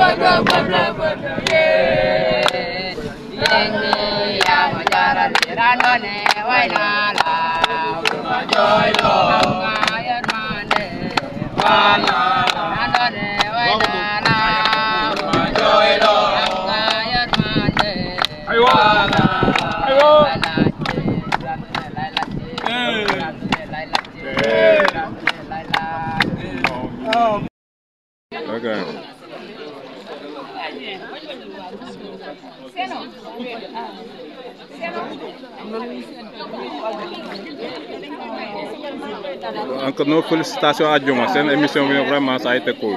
bojo pueblo, pueblo, yeah. Yengi ya majara tirano ne wainala. Majoyo. Mayer mane. Wana. Nando ne wainala. Majoyo. Mayer mane. Aywa. que nos félicitations à Diouma seen émission bi vraiment ça a été cool.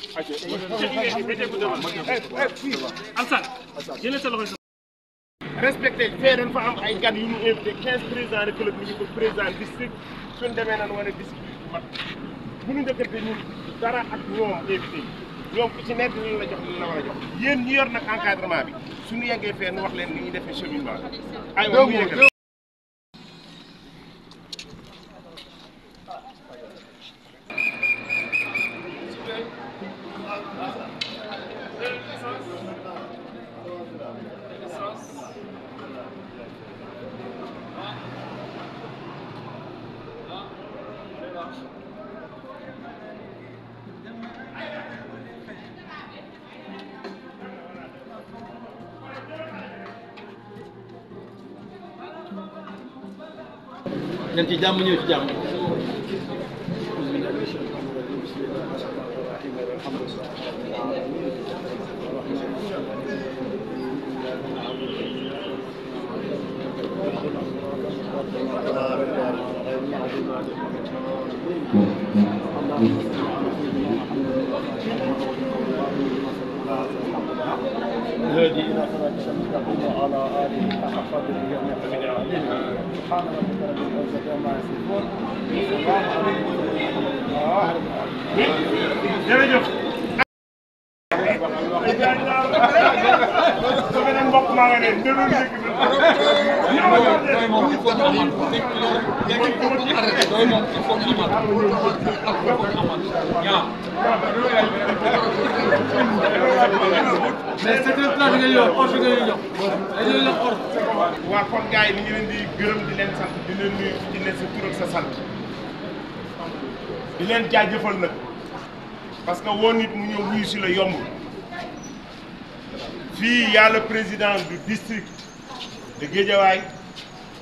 respecté fee dañ fa am ay gan yu ñu invité quinze président de club ñu ngi ko président district suñ demee nan wane district bu mat de ñu njëkkante ñun dara ak ñoom invité yi ñoom ku ci nekk ñu la jox ñu la war jox yéen ñu yor nag encadrement bi suñu yeggee fee nu wax leen ni ñuy defee cheminement aywa ñan ci jàmm ñëw ci jàmm الهادي إلى صراط الشمس وعلى آله حق قدره سبحان ربك رب العزة عما يصفون وسلام على المرسلين jërëjëf beneen mbokk maa nga ne fekk kon gars yi ñu ngi leen di gërëm di leen sant di leen nuyu di leen sa tur ak sa sant di leen jaajëfal nag parce que woo nit mu ñëw wuyu si la yomb fii y président du district de Guédiawaye.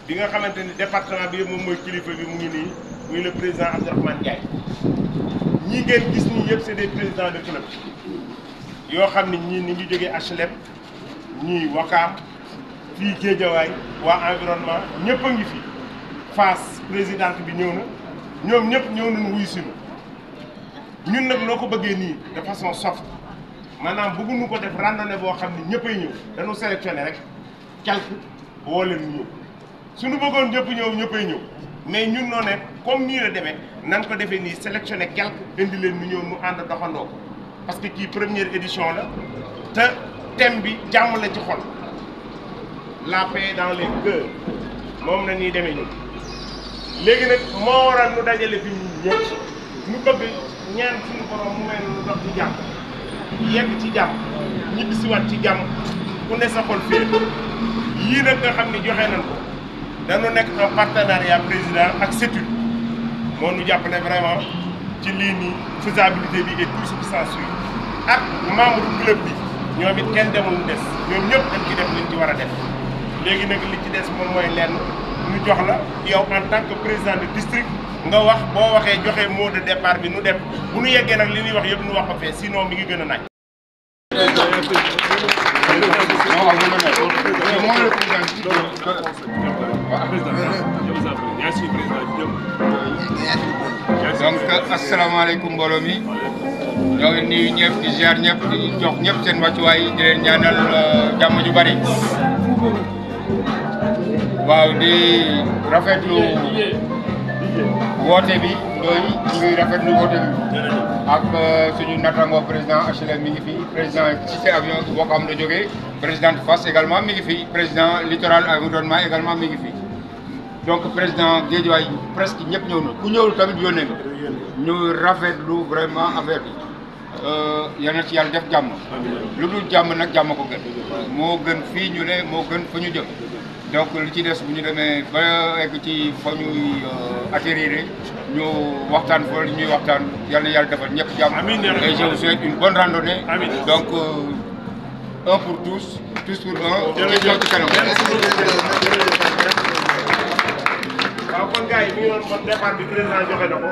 bi nga xamante ni département bi yëpp moom mooy kilifa bi mu ngi nii muy le président Abdourahmane Ndiaye ñi gën gis nii yëpp c'est des présidents de club yoo xam ne ñii ni ngi jógee HLM ñii Wakaam fii Géejawaay waa environnement ñëpp a ngi fi Fass présidente bi ñëw na ñoom ñëpp ñëw nañu wuy sinu ñun nag noo ko bëggee nii de façon soft maanaam bëgguñu ko def randonnée boo xam ne ñëppay ñëw dañu sélectionné rek quelque woo leen ñëw suñu bëggoon ñëpp ñëw ñëppay ñëw mais ñun noo comme nii la demee nan ko defee nii sélectionné quelque indi leen ñu ñëw ñu ànd doxandoo ko parce que kii première édition la te thème bi jàmm la ci xol la paix dans les cœurs moom la ñuy demee ñun léegi nag moo waral nu dajale fi ñëpp ñu bëgg ñaan suñu borom mu may nu dox ci jàmm yegg ci jàmm ñibbisiwaat ci jàmm ku ne sa xol fii yii nag nga xam ne joxe nañ ko dañu nekk en partenariat président ak CETUD moo ñu jàppale vraiment ci lii nii faisabilité bi et tout ce qui ak membre club bi ñoom it kenn demul des ñoom ñëpp dañ ci def liñ ci war a def léegi nag li ci des moom mooy lenn ñu jox la yow en tant que président de district nga wax boo waxee joxe mot de départ bi nu dem bu nu yeggee nag li ñuy wax yëpp nu wax ko fee sinon mi ngi gën a naaj. waaw président yaa donc asalaamaaleykum mbooloo mi ñoo ngi nuyu ñëpp di ziar ñëpp di jox ñëpp seen wàccuwaay di uh, jàmm ju bari. waaw di rafetlu woote bi doy ñuy rafetlu woote bi ak uh, suñu nattango président HLM mi ngi fi président ci sa avion boo ko am na président Fass également mi ngi fi président littoral environnement également mi ngi fi. donc président waay presque ñëpp ñëw na ku ñëwul tamit yónnee nga ñu rafetlu vraiment affaire bi euh, yal na ci yàlla def jàmm lu dul jàmm nag jàmm ko gën moo gën fii ñu ne moo gën fa ñu jëm donc li ci des bu ñu demee ba egg ci fa ñuy euh, atterrir ñu waxtaan fa ñuy waxtaan yal na yàlla defal ñëpp jàmm et je vous souhaite une bonne randonnée donc euh, un pour tous tous pour un. jërëjëf jërëjëf waaw kon gars yi mi ngi doon kon départ bi président joxe na ko.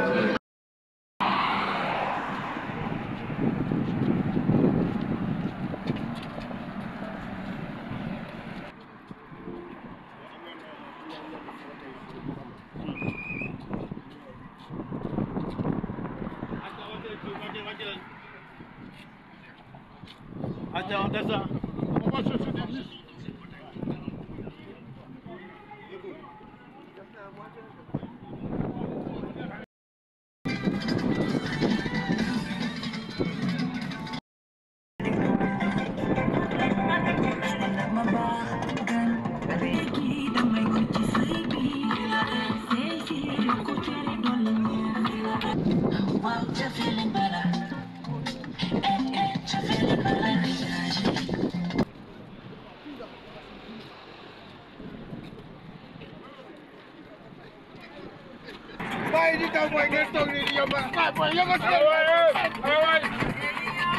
bàyyi di taw booy ngeen toog nii di yomb a booy yomb a si leen waay waay eh. waay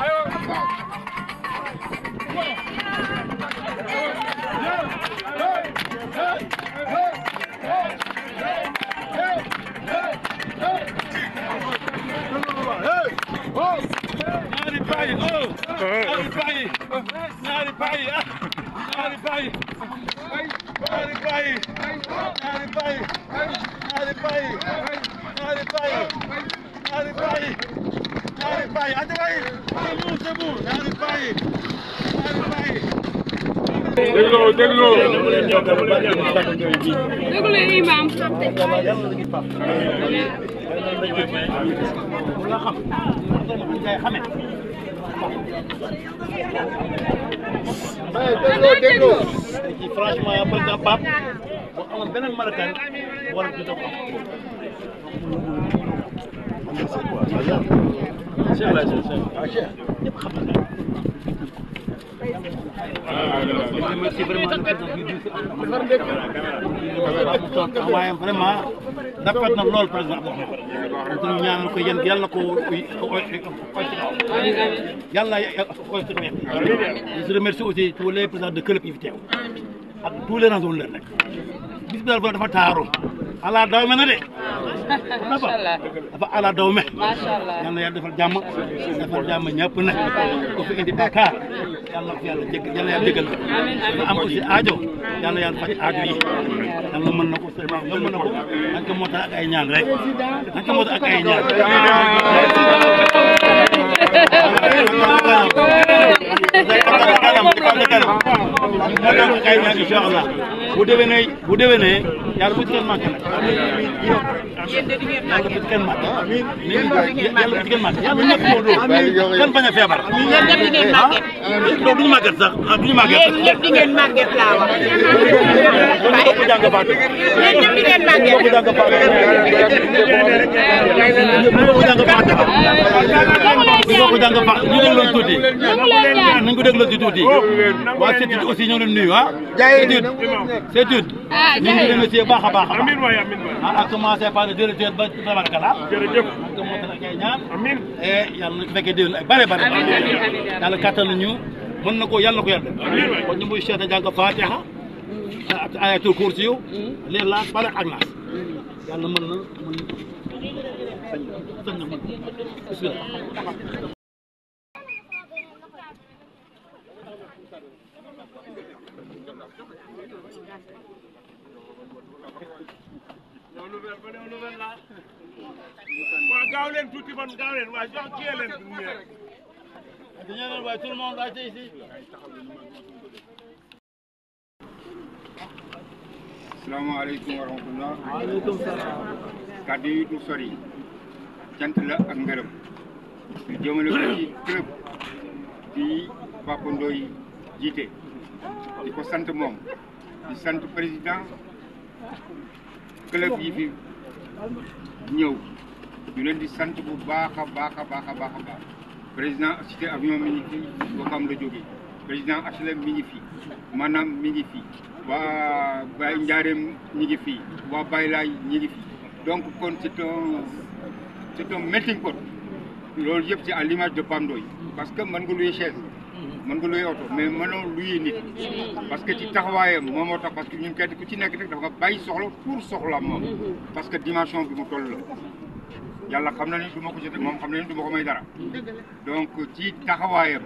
aywa ñaari bàyyi oh ñaari bàyyi ñaari bàyyi ñaari bàyyi ñaari bàyyi ñaari bàyyi ñaari bàyyi Allez, pareil Allez, pareil Allez, pareil Allez, pareil C'est bon, c'est bon Allez, pareil Allez, pareil Déglo, déglo Déglo, imam déglo, déglo Franchement, après d'un pape, on a bien un malakan, on a bien un malakan. waaye vraiment rafet na lool président Abdou Ahmed ñu ñaanal ko yéen yàlla na ko yàlla je remercie aussi tous les présidents de club yi fi teew ak tous les rangs de l'honneur nag bis bi daal dafa taaru ala daw me na de dafa dafa ala daw me yal na yàlla defal jàmm defal jàmm ñëpp nag ko fi indi Dakar yàlla ko yàlla jéggal yàlla yàlla jéggal ko am aussi aajo yàlla yàlla faj aajo yi yàlla mën na ko sëñ bi mën na ko da nga moo tax ak ay ñaan rek da nga moo tax ak ay ñaan da nga moo tax ak ay ñaan incha allah bu déwénee bu déwénee yàlla bu ci kenn màkk nag. yéen de di ngeen màkk yàlla bu ci kenn màkk. yàlla bu ci kenn màkk yàlla ñëpp moo dóor kenn bañ a feebar. yéen ñëpp di ngeen màgget. non du ñu màgget sax ah du ñu màgget. yéen ñëpp di ngeen màgget laa wax. yéen ñëpp di ngeen màgget. yéen ñëpp di ngeen màgget. yéen ñëpp di ngeen màgget. yéen ñëpp c'est tout. ah ñu ngi remercier baax a baax a baax. amiin waay amiin waay. maanaam ah, commencé par le directeur ba Tabarakalla. jërëjëf amiin. Eh, yàlla na fekkee déwén ak bare bare. amiin amiin amiin yàlla kattan ñu mën na ko yàlla na ko yàlla. amiin waay kon ñu muy seet a jàng Fatiha ak ayatul kursi yow. leer laa bare ak naas. yàlla mën na mën na. waaw gaaw leen tuuti man gaaw leen la ak ngërëm ñu jëmale ko ci club jiite di ko sant moom di sant président club yi fi ñëw ñu leen di sant bu baax a baax a baax a baax a baax président cité avion mi ngi fi Wakam la jógee président HLM mi ngi fi maanaam mi ngi fi waa Baye Ndiarème ñi ngi fi waa Baye Laay ñi ngi fi donc kon c'est un c'est un melting pot loolu yëpp ci à l'image de Pam Ndoye parce que mën nga luy chaise mën nga luy oto mais mënoo luy nit parce que ci taxawaayam moom moo tax parce que ñun kenn ku ci nekk rek dafa nga bàyyi soxla pour soxla moom parce que dimension bi mu toll la yàlla xam na ni du ko jotee moom xam na ni du ma ko may dara donc ci taxawaayam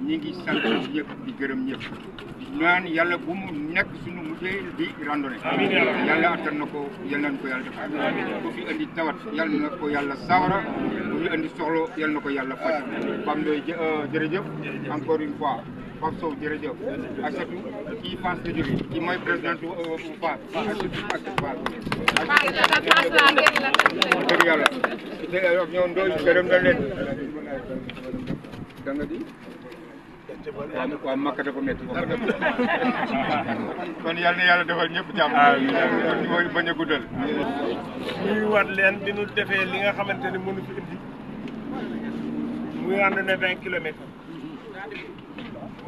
ñi ngi sant ñëpp di gërëm ñëpp ñaan yàlla bu mu nekk suñu mujjee di randonnée. yàlla attan na ko yal nañu ko yàlla defal. ku fi indi tawat yal na ko yàlla sawara ku fi indi soxla yal na ko yàlla faj. Pam Ndoye euh, jërëjëf encore une fois. Pape Sow jërëjëf Aïssatou kii Fass la jógee kii mooy présidente euh, Fass Aïssatou Fass dëgg yàlla euh, ñoom Ndoye gërëm na leen da nga di waaw makka dafa métti kon yal na yàlla defal ñëpp jàmm. kon ñu mooy bañ a guddal. ñuy wat leen bi ñu defee li nga xamante ni mënu fi indi muy ànd na vingt kilomètres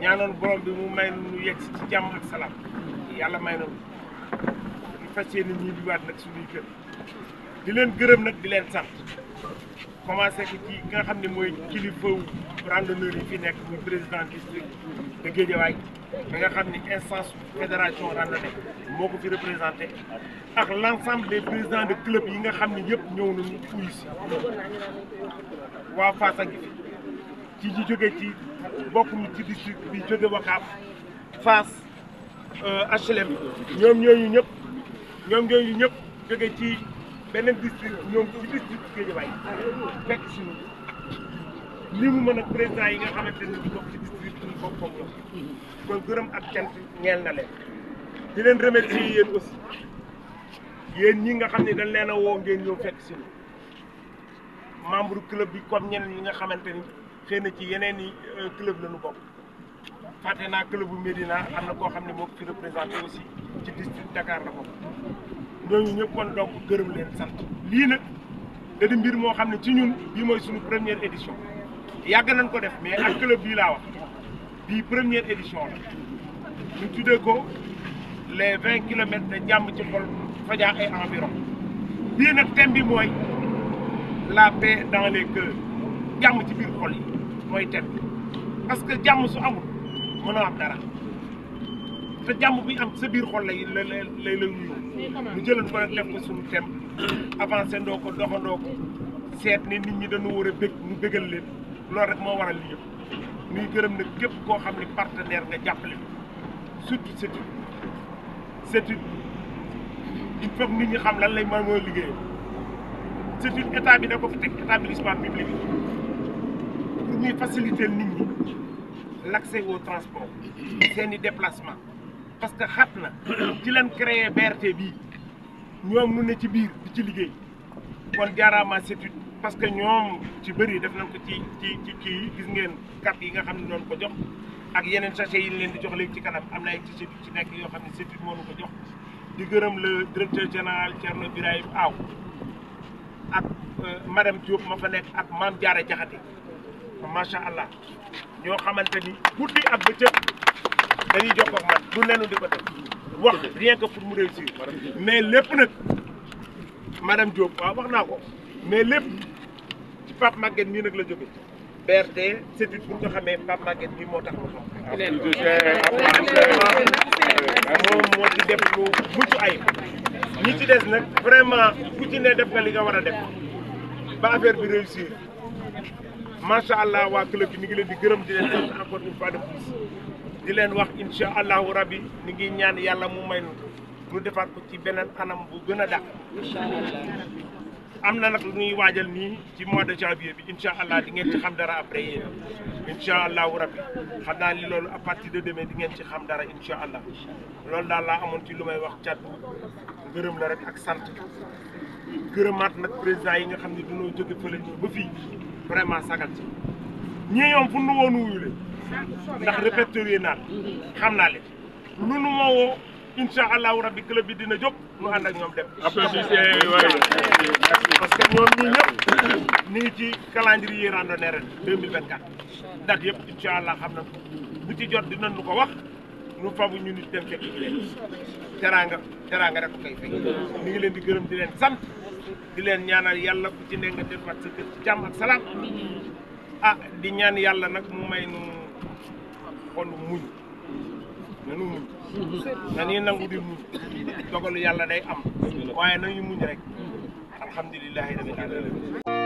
ñaanoon borom bi mu may nu yegg ci jàmm ak salaam yàlla may na ñu fas yéene ñii di waat nag suñuy kër di leen gërëm nag di leen sant. commencé ko ci ki nga xam ne mooy kilifa randonneur yi fi nekk muy président district a Guédiawaye mi nga xam ne instance fédération randonnée moo ko fi représenté ak l' ensemble des présidents de club yi nga xam ni yëpp ñëw nañu uy si waa Fass a ngi ci ñu jóge ci bokk mi ci district bi jóge Wakaam Fass euh, HLM ñoom ñooñu ñëpp ñoom ñooñu ñëpp jóge ci beneen district ñoom ci district Guédiawaye fekk si ñu li mën a président yi nga xamante ne ñu ci district ñu bokk comme kon gërëm ak cant ñeel na leen di leen remercier yéen aussi yéen ñi nga xam ne dañ leen a woo ngeen ñëw fekk si ñu membre club bi comme ñeneen ñi nga xamante ni xëy na ci yeneen i euh, club la ñu bokk fàtte naa club bu Médina am na koo xam ne moo fi représenté aussi ci district Dakar la bokk ñooñu ñëpp kon donc gërëm leen sant lii nag da mbir moo xam ne ci ñun bii mooy suñu première édition yàgg nañ ko def mais ak club bii laa wax bii première édition la ñu tuddee ko le vingt kilomètres jàmm ci xol Fadiakh ay environ bii nag thème bi mooy la paix dans les cœurs jàmm ci biir xol yi mooy thème parce que jàmm su amul mënoo am dara te jàmm bi ñu am sa biir xol lay lay lay lay nuyoo ñu jëlan ko nag def ko suñu thème avancé ndoo ko doxandoo ko seet ni nit ñi dañu war a bég ñu bégal leen loolu rek moo waral li yëpp ñuy gërëm nag képp koo xam ne partenaire nga jàppale surtout CETUD CETUD il faut nit ñi xam lan lay mën mooy liggéey CETUD état bi da ko fu teg établissement public bi pour ñuy faciliter nit ñi l'accès au transport seeni déplacement parce que xat na ci leen créé BRT bii ñoom nu ne ci biir di ci liggéey kon jaaraama sétude parce que ñoom ci bëri def nañ ko ci ci ci kii gis ngeen cap yi nga xam ne noonu ko jox ak yeneen sachet yi leen di jox léegi ci kanam am na ay sachet yu ci nekk yoo xam ne sétude moo nu ko jox di gërëm le directeur général Thierno Birahim Aw ak euh, madame Diop ma fa nekk ak maam Diarra Diakhaté macha allah ñoo xamante ni ak bëccëg dañuy jox ko man du nenu di ko def wax rien que pour mu réussir mais lépp nag madame Diop waaw wax naa ko mais lépp ci Pape Maguette mii nag la jóge BRT c'est pour nga xamee Pape Maguette mii moo tax mu xam moom moo ci def lu mucc ayib ñi ci des nag vraiment ku ci ne def nga li nga war a def ba affaire bi réussir macha allah waa club bi ñu ngi leen di gërëm di leen sant encore une fois de di leen wax incha allahu rabbi ni ngi ñaan yàlla mu may nu defaat ko ci beneen anam bu gën a dàq am na nag lu ñuy waajal nii ci mois de janvier bi incha allah di ngeen ci xam dara après yéen allah allahu rabbi xam naa ni loolu a parti de demain di ngeen ci xam dara incha allah loolu daal laa amoon ci lu may wax cat gërëm la rek ak sant gërëmaat nag président yi nga xam ne dañoo jóge fële ba fii vraiment sagal ci ñi ñoom fu nu woon wuyule ndax répertorié naan xam naa leen lu nu ma woo incha allahu rabbi club bi dina jóg nu ànd ak ñoom dem. parce que ñoom ñii ñëpp ñu ngi ci calendrier randonnée ren 2024 date yëpp incha allah xam na bu ci jot dinañ nu ko wax nu fabu ñu nit dem fekk ci leen teraanga teraanga rek koy leen di gërëm di leen sant di leen ñaanal yàlla ku ci ne nga delluwaat sa kër ci jàmm ak salaam ah di ñaan yàlla nag mu may nu. kon muñ nanu muñ dañuy nangu di muñ dogalu yàlla day am waaye nañu muñ rek alhamdulilahi rabbil